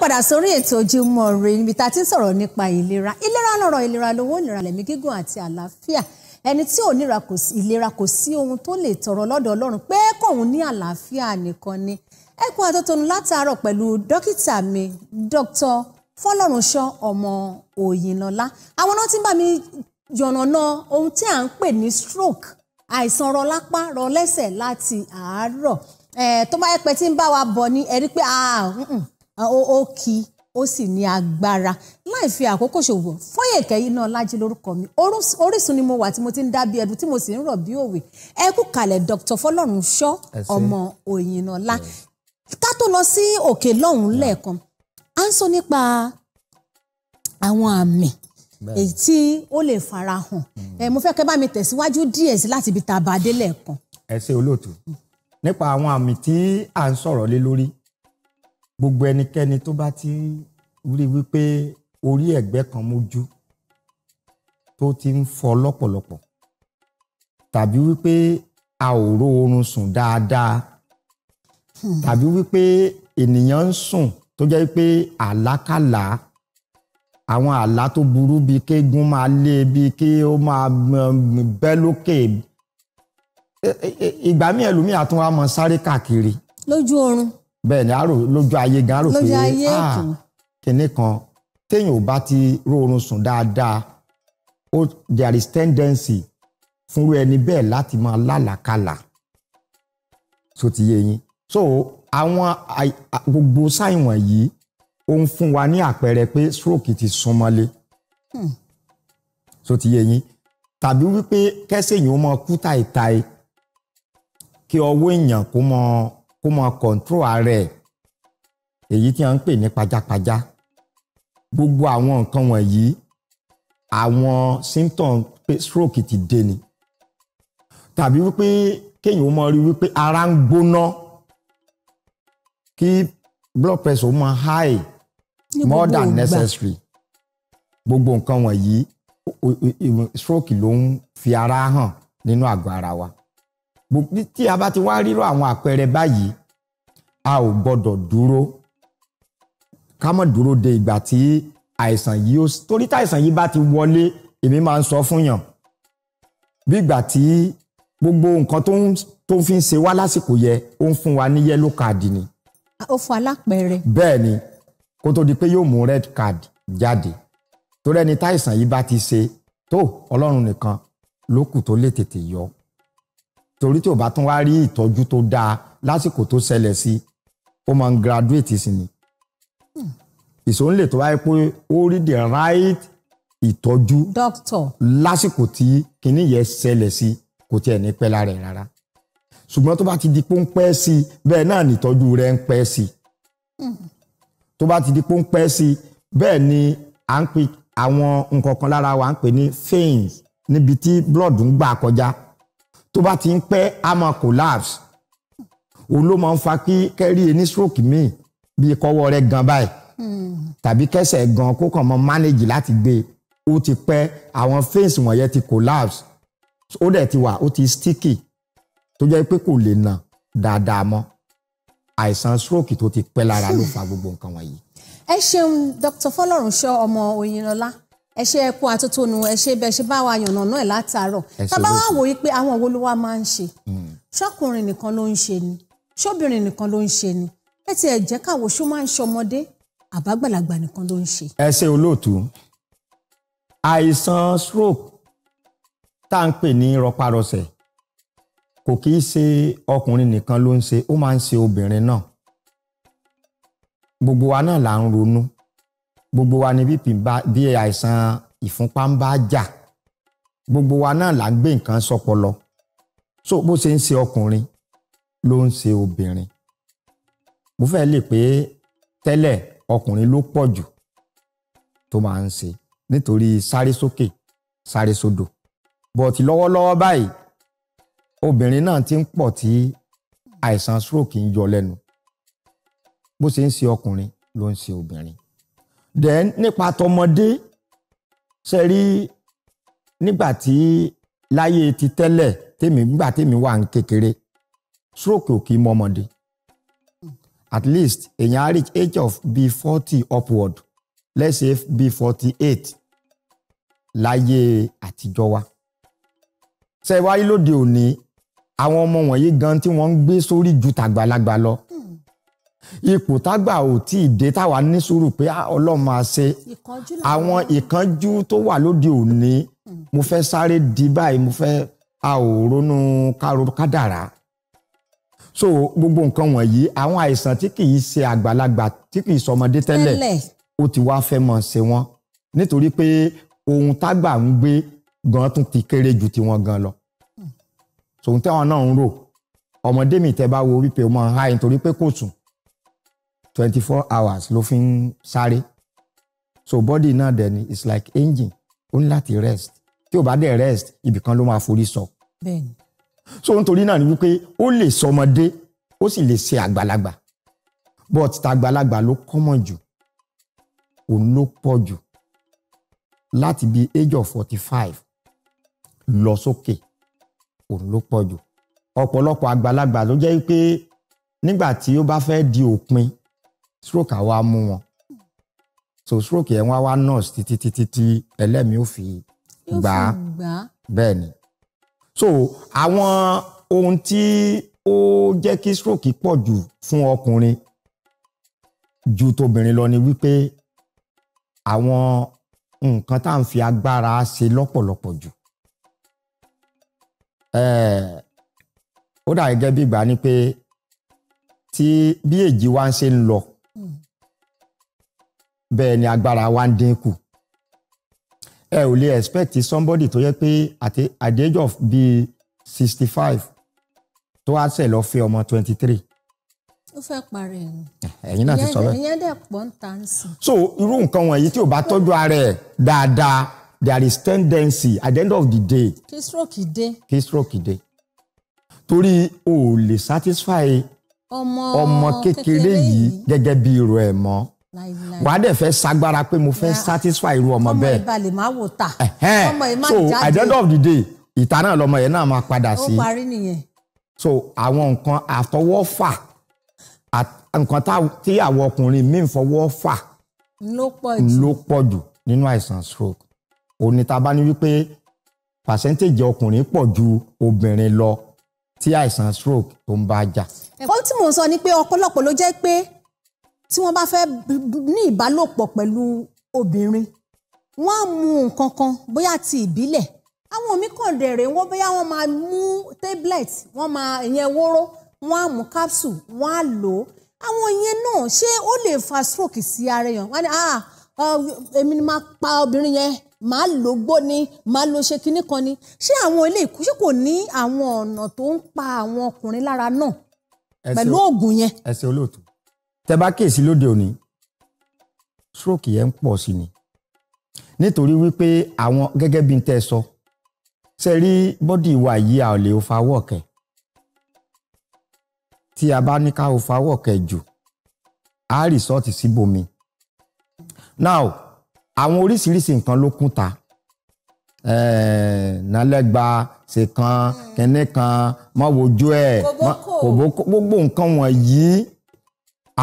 padà sórí ètò Ojúmọ́ Ire níbi tá a ti ń sọ̀rọ̀ nípa ìlera ìlera lọ́rọ̀ ìlera lówó ìlera lẹ̀mí gígùn àti àlàáfíà ẹni tí ò níra kò sí ìlera kò sí ohun tó lè tọrọ lọ́dọ̀ Ọlọ́run pé kóun ní àlàáfíà nìkan ni ẹ àtọ́tọ́nu látàárọ̀ pẹ̀lú dókítà mi Dr. Fọlọ́runṣọ́ ọmọ Òyìnlọ́lá àwọn náà ti ń bá mi yànnàná ohun tí à ń pè ní stroke àìsàn rọlápá rọlẹ́sẹ̀ láti àárọ̀ ẹ̀ tó bá yẹ pé tí ń bá wa bọ̀ ni ẹ rí pé ah, ó ki, ó sì ní agbára láì fi àkókò ṣòwò Fọyẹkẹ Inaọlájí lórúkọ mi Orísun ni mo wà tí mo ti ń dá bí ẹdun tí mo sì ń rọ̀ bí òwe ẹ kú kalẹ̀ Dr. Fọlọ́runṣọ́ ọmọ Òyìnlọlá ká tó lọ sí òkè lọ́hùn lẹ́ẹ̀kan à ń sọ nípa àwọn àmì èyí tí ó lè fara hàn hmm. ẹ mo fẹ́ kẹ́ bá mi tẹ̀síwájú díẹ̀ sí láti ibi tá a bá dé lẹ́ẹ̀kan. ẹ ṣe olóòtú nípa àwọn àmì tí à ń sọ̀rọ̀ lé lórí gbogbo ẹnikẹ́ni tó bá ti rí wípé orí ẹ̀gbẹ́ kan mójú tó ti ń fọ́ lọ́pọ̀lọpọ̀ tàbí wípé a ò ro oorun sùn dáadáa tàbí wípé ènìyàn ń sùn tó jẹ́ pé àlákàlà àwọn àlá tó burú bíi kéegun máa lé bíi kí ó máa bẹ́ lókè ìgbà míì ẹlòmíì àtúnwá mọ sáré káàkiri. lójú oorun bẹ́ẹ̀ ni àrò lójú ayé gan àrò pé ah kinní kan téèyàn ò bá ti róorun sùn dáadáa ó there is tendency fúnrú ẹni bẹ́ẹ̀ láti máa lálàkàlà tó ti yé yín so àwọn gbogbo sáìn wọ̀nyí ó ń fún wa ní àpẹẹrẹ pé stroke ti súnmọ́lé tó hmm. ti yé yín tàbí wípé kẹ́sẹ̀yìn ó mọ kú tàìtàì kí ọwọ́ èèyàn kó mọ kó máa kọ̀ǹtró ààrẹ èyí tí wọ́n ń pè ní pajápajá gbogbo àwọn nǹkan wọ̀nyí àwọn symptom stroke ti dé ni tàbí wípé kéèyàn ó mọ rí wípé ara ń gbóná kí blood pressure ó mọ high more than necessary gbogbo nǹkan wọ̀nyí stroke ló ń fi ara hàn nínú àgọ́ ara wa tí a bá ti wá rírọ àwọn àpẹẹrẹ báyìí a ò gbọdọ̀ dúró ká má dúró de ìgbà tí àìsàn yìí ó torí tí àìsàn yìí bá ti wọlé èmi máa ń sọ fún yàn bí ìgbà tí gbogbo nǹkan tó ń tó fi ń ṣe wá lásìkò yẹ ó ń fún wa ní yellow card ni. ó fún alápẹ̀rẹ̀. bẹ́ẹ̀ ni kó tó di pé yóò mú red card jáde torí ẹni táìsàn yìí bá ti ṣe tó ọlọ́run nìkan ló tó lè tètè yọ torí tí ò bá tún wá rí ìtọ́jú tó dáa lásìkò tó ṣẹlẹ̀ sí ó máa ń graduate sí ni hmm. ìsòǹlè tó wáyé pé ó rí the right ìtọ́jú lásìkò tí kinní yẹn ṣẹlẹ̀ sí kò tiẹ̀ ní pẹ́ lára ẹ̀ rárá ṣùgbọ́n tó bá ti di pọ́npẹ́ sí i bẹ́ẹ̀ náà nìtọ́jú rẹ̀ ń pẹ́ sí i hmm. tó bá ti di pọ́npẹ́ sí i bẹ́ẹ̀ ni à ń pè àwọn nǹkan kan lára wa ń pè ní veins níbi tí blood ń gbà kọjá tó bá ti ń pẹ́ á máa collapse òun ló máa ń fa kí kẹ́rí ẹni stroke míì bíi kọ́wọ́ rẹ̀ gan báyìí tàbí kẹsẹ̀ gan kó kàn mọ́ manage láti gbé ó ti pẹ́ àwọn veins wọ̀nyẹn ti collapse ó dẹ̀ ti wà ó ti sticky tó jẹ́ pé kò lè nà dáadáa mọ́ àìsàn stroke tó ti pẹ́ lára ló fa gbogbo nǹkan wọ̀nyí. ẹ ṣeun Dr. Fọlọ́runṣọ́ ọmọ Oyinlọlá ẹ ṣe ẹkọ àtótónu ẹ ṣe bẹ ṣe bá wa yànnà náà látàárọ̀ tábà wá wòye pé àwọn wo ló wá máa ń ṣe hmm. ṣọkùnrin nìkan ló ń ṣe ni ṣóbìnrin nìkan ló ń ṣe ni ẹ ti ẹ jẹ́ káwo ṣó máa ń ṣọmọdé àbágbàlagbà nìkan ló ń ṣe. ẹ ṣe olóòtú àìsàn stroke tá à ń pè ní rọparọsẹ̀ kò kì í ṣe ọkùnrin nìkan ló ń ṣe ó máa ń ṣe obìnrin náà gbogbo wa náà là ń ronú gbogbo wa ni bp bí àìsàn ìfúnpá ń bá jà gbogbo wa náà là ń gbé nǹkan sọpọlọ so bó ṣe ń ṣe ọkùnrin ló ń ṣe obìnrin mo fẹ́ lè pé tẹ́lẹ̀ ọkùnrin ló pọ̀ jù tó máa ń ṣe nítorí sáré sókè sáré sódò bọ̀tì lọ́wọ́lọ́wọ́ báyìí obìnrin náà ti ń pọ̀ tí àìsàn stroke ń yọ lẹ́nu bó ṣe ń ṣe ọkùnrin ló ń ṣe obìnrin then nípa tọmọdé ṣe rí nígbà tí láyé ti tẹ́lẹ̀ tèmi nígbà tèmi wà ní kékeré stroke ò kì í mọ́mọdé at least èèyàn á reach age of be forty upward let's say be forty eight láyé àtijọ́ wa ṣe wáyé lóde òní àwọn ọmọ wọ̀nyí gan tí wọ́n ń gbé sórí ju tàgbàlagbà lọ ipò tágbà ò tí ì dé táwa ní sùúrù pé ah, ọlọ́run máa ṣe àwọn ìkánjú tó wà lóde òní hmm. mo fẹ́ sáré di báyìí mo fẹ́ a ò ronú káró kádàrá so gbogbo nǹkan wọ̀nyí àwọn àìsàn tí kì í ṣe àgbàlagbà tí kì í sọmọdé tẹ́lẹ̀ ó ti wá fẹ́ mọ̀ ṣe wọ́n nítorí pé ohun tágbà ń gbé gan tún ti kéré ju tiwọn gan lọ hmm. sòun tẹ́wọ̀n náà ń rò ọmọdé mi tẹ́ bá wo wípé ó máa ń háyìn pé kò sùn twenty four hours ló fi ń sáré so body náà dẹ̀ ni it's like engine ó ní láti rest tí ò bá dẹ̀ rest ibìkan ló máa forí sọ. bẹ́ẹ̀ni. so nítorí náà ni wípé ó lè sọmọdé ó sì lè ṣe àgbàlagbà but tàgbàlagbà ló kọ́mọ̀ jù òun ló pọ̀ jù láti bí age of forty five lọ sókè òun ló pọ̀ jù ọ̀pọ̀lọpọ̀ àgbàlagbà ló jẹ́ pé nígbà tí ó bá fẹ́ di òpin stroke àwa mú wọn so stroke yẹn wá wá nurse títí títí tí ẹlẹ́mìí ò fi gbà á bẹ́ẹ̀ ni so àwọn ohun tí ó jẹ́ kí stroke pọ̀ jù fún ọkùnrin ju tóbìnrin lọ ni wípé àwọn nǹkan tá à ń fi agbára ṣe lọ́pọ̀lọpọ̀ jù ó dà gẹ́gẹ́ bí ìgbà ni pé tí bí èjì wa ń ṣe ń lọ bẹ́ẹ̀ ni agbára wa ń dín kù ẹ ò lè expect somebody tó yẹ pé at the age of bíi sixty five tó wá ṣẹ̀ lọ fẹ́ ọmọ twenty three. ó fẹ́ parẹ́ ẹ̀yìn. ẹ̀yin náà ti sọ bẹ́ẹ̀. ìyẹn dẹ̀ pọ̀ ń ta ń sìn. so irú nǹkan wọ̀nyí tí o bá tọ́jú ara ẹ̀ dáadáa there is tendency at the end of the day. kí stroke dé. kí stroke dé. torí o ò lè satisfy ọmọ kékeré yìí gẹ́gẹ́ bí irú ẹ̀ mọ́ wàá dẹ̀ fẹ́ sagbára pé mo fẹ́ satisfy irú ọmọ bẹ́ẹ̀ ọmọ ìbàlẹ̀ máa wò ta ọmọ ìmá jáde so at the end of the day ìta náà lọmọ yẹn náà máa padà sí ó parí nìyẹn so àwọn nǹkan àfọwọ́fà nǹkan tí àwọn ọkùnrin míì fọwọ́ ló pọ̀ jù nínú àìsàn stroke òní ta bá ní wípé pàṣẹ́ntéèjì ọkùnrin pọ̀ ju obìnrin lọ tí àìsàn stroke tó ń bá jà. ẹ̀kọ́ tí mò ń sọ ni pé ọ̀pọ̀lọpọ̀ ló jẹ́ pé tí wọ́n bá fẹ́ ní ìbálòpọ̀ pẹ̀lú obìnrin wọ́n á mu nǹkan kan bóyá ti ìbílẹ̀ àwọn mi kàn dẹ̀rẹ̀ wọ́n bóyá wọ́n máa mú tablet wọ́n máa ìyẹn wóró wọ́n á mú capsule wọ́n á lò ó àwọn ìyẹn náà ṣé ó lè fa stroke sí ara èèyàn wọ́n á ní ah, èmi ni máa pa obìnrin yẹn màá lò gbó ni màá lo ṣe kinní kan ni ṣé àwọn ilé ìkú ṣé kò ní àwọn ọ̀nà tó ń pa àwọn ọkùnrin lára náà pẹ̀lú oògùn yẹn. ẹ ṣe olóòtú tẹ bá kíyèsí lóde òní stroke yẹn ń pọ̀ sí ni nítorí wípé àwọn gẹ́gẹ́ bí n tẹ́ sọ ṣe rí bọ́dì wa yìí a ò lè overwork tí a bá ní ká overwork jù á rìsọ́ọ̀tì síbòmí now àwọn oríṣiríṣi nǹkan ló kún ta nálẹ́gba ṣèkan hmm. kẹ́nẹ́kan mọ́wojú ẹ̀ gbogbo nǹkan wọ̀nyí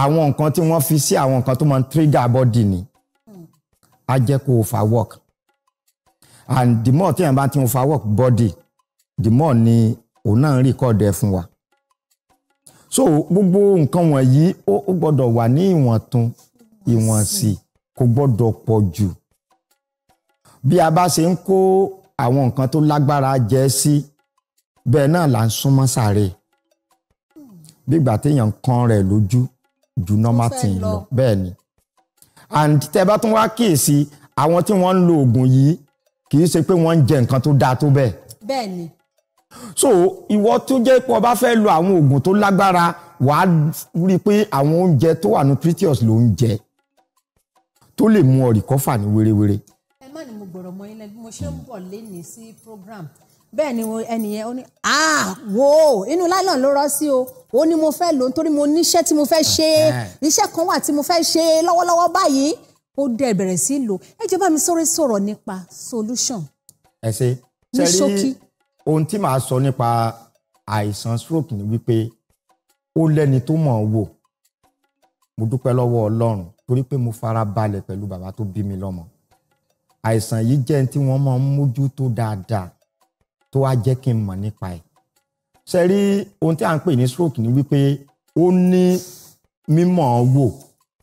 àwọn nǹkan tí wọ́n fi sí àwọn nǹkan tó máa ń trigger body ni á jẹ́ kó o fa work and the more tí èèyàn bá ti ń fa work body the more ni òun náà ń record ẹ fún wa so gbogbo nǹkan wọ̀nyí ó gbọ́dọ̀ wà ní ìwọ̀ntun ìwọ̀nsì kò gbọ́dọ̀ pọ̀ jù bí a bá ṣe ń kó àwọn nǹkan tó lágbára jẹ sí bẹ́ẹ̀ náà là ń súnmọ́ sáré bí ìgbà téèyàn ń kan rẹ̀ lójú ju normal thing lọ bẹ́ẹ̀ ni and tẹ́ bá tún wá kíyèsí àwọn tí wọ́n ń lo oògùn yìí kì í ṣe pé wọ́n ń jẹ nǹkan tó dáa tó bẹ́ẹ̀. bẹ́ẹ̀ ni. so ìwọ tó jẹ́ pé o bá fẹ́ lo àwọn oògùn tó lágbára wàá rí i pé àwọn oúnjẹ tó wà nutritious ló ń jẹ tó lè mú ọ rìkọ́fà ní wérewére. ẹ má ní mo gbọ́dọ̀ mọ ilé bí mo ṣe ń bọ̀ lénìí sí program bẹ́ẹ̀ ni ẹnìyẹn ó ní ah wo inú nylon ló rọ́ sí o ó ní mo fẹ́ lò ó nítorí mo níṣẹ́ tí mo fẹ́ ṣe iṣẹ́ kan wà tí mo fẹ́ ṣe lọ́wọ́lọ́wọ́ báyìí ó dẹ̀ bẹ̀rẹ̀ sí lò ẹ jẹ́ bá mi sọ̀rọ̀ sọ̀rọ̀ nípa solution. ẹ ṣe ṣe rí ohun tí màá sọ nípa àìsàn stroke ni wípé ó lẹ́ni tó mọ̀ ọ́ wò mo dúpẹ́ lọ́wọ́ Ọlọ́run torí pé mo fara balẹ̀ pẹ̀lú bàbá tó bí mi lọ́mọ àìsàn yìí jẹ́ tí wọ́n máa ń mójútó dáadáa tó wá jẹ́ kí n mọ̀ nípa ẹ̀ ṣe rí ohun tí à ń pè ní stroke ni wípé ó ní mímọ̀ ọ́ wò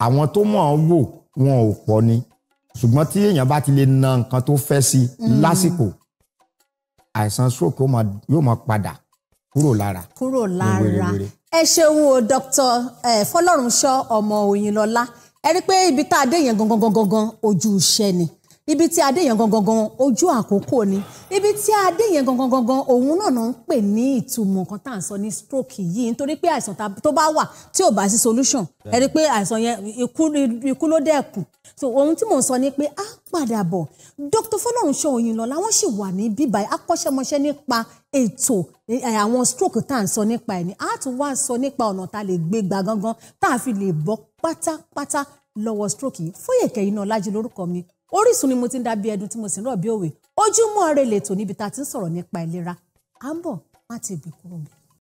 àwọn tó mọ̀ ọ́ wò wọn ò pọ̀ ni ṣùgbọ́n tí èèyàn bá ti lè na nǹkan tó fẹ́ sí i hmm. lásìkò àìsàn stroke yóò máa padà kúrò lára. kúrò lára ẹ ṣeun o dr fọlọ́runṣọ́ ọmọ òyìnlọ́lá ẹ rí i pé ibi tá a dé yẹn gangan gangan ojú iṣẹ́ ni ibi tí adé yẹn gangan gangan ojú àkókò ni ibi tí adé yẹn gangan gangan òun náà ń pè ní ìtumọ̀ nǹkan tá à ń sọ ní stroke yìí nítorí pé àìsàn tó bá wà tí ò bá sí solution ẹ rí i pé àìsàn yẹn ikú ló dẹ́kun so ohun tí mò ń sọ ni pé a padà bọ̀ Dr. Fọlọ́runṣọ́ Òyìnlọ́lá wọ́n sì wà ní bíbá akọ́ṣẹ́mọṣẹ́ nípa ètò eh, àwọn stroke tá à ń sọ nípa ẹ̀ ni a tún wá sọ nípa ọ̀nà tá a lè gbé gbà tá a fi lè bọ́ pátápátá lọ́wọ́ stroke yìí Fóyèkẹ́ Inaọlájí lórúkọ mi Orísun ni mo ti ń dábí ẹdun tí mo sì ń rọ̀ bí òwe Ojúmọ́ Ire lètò níbi tá a ti ń sọ̀rọ̀ nípa ìlera à ń bọ̀ kúrò mi.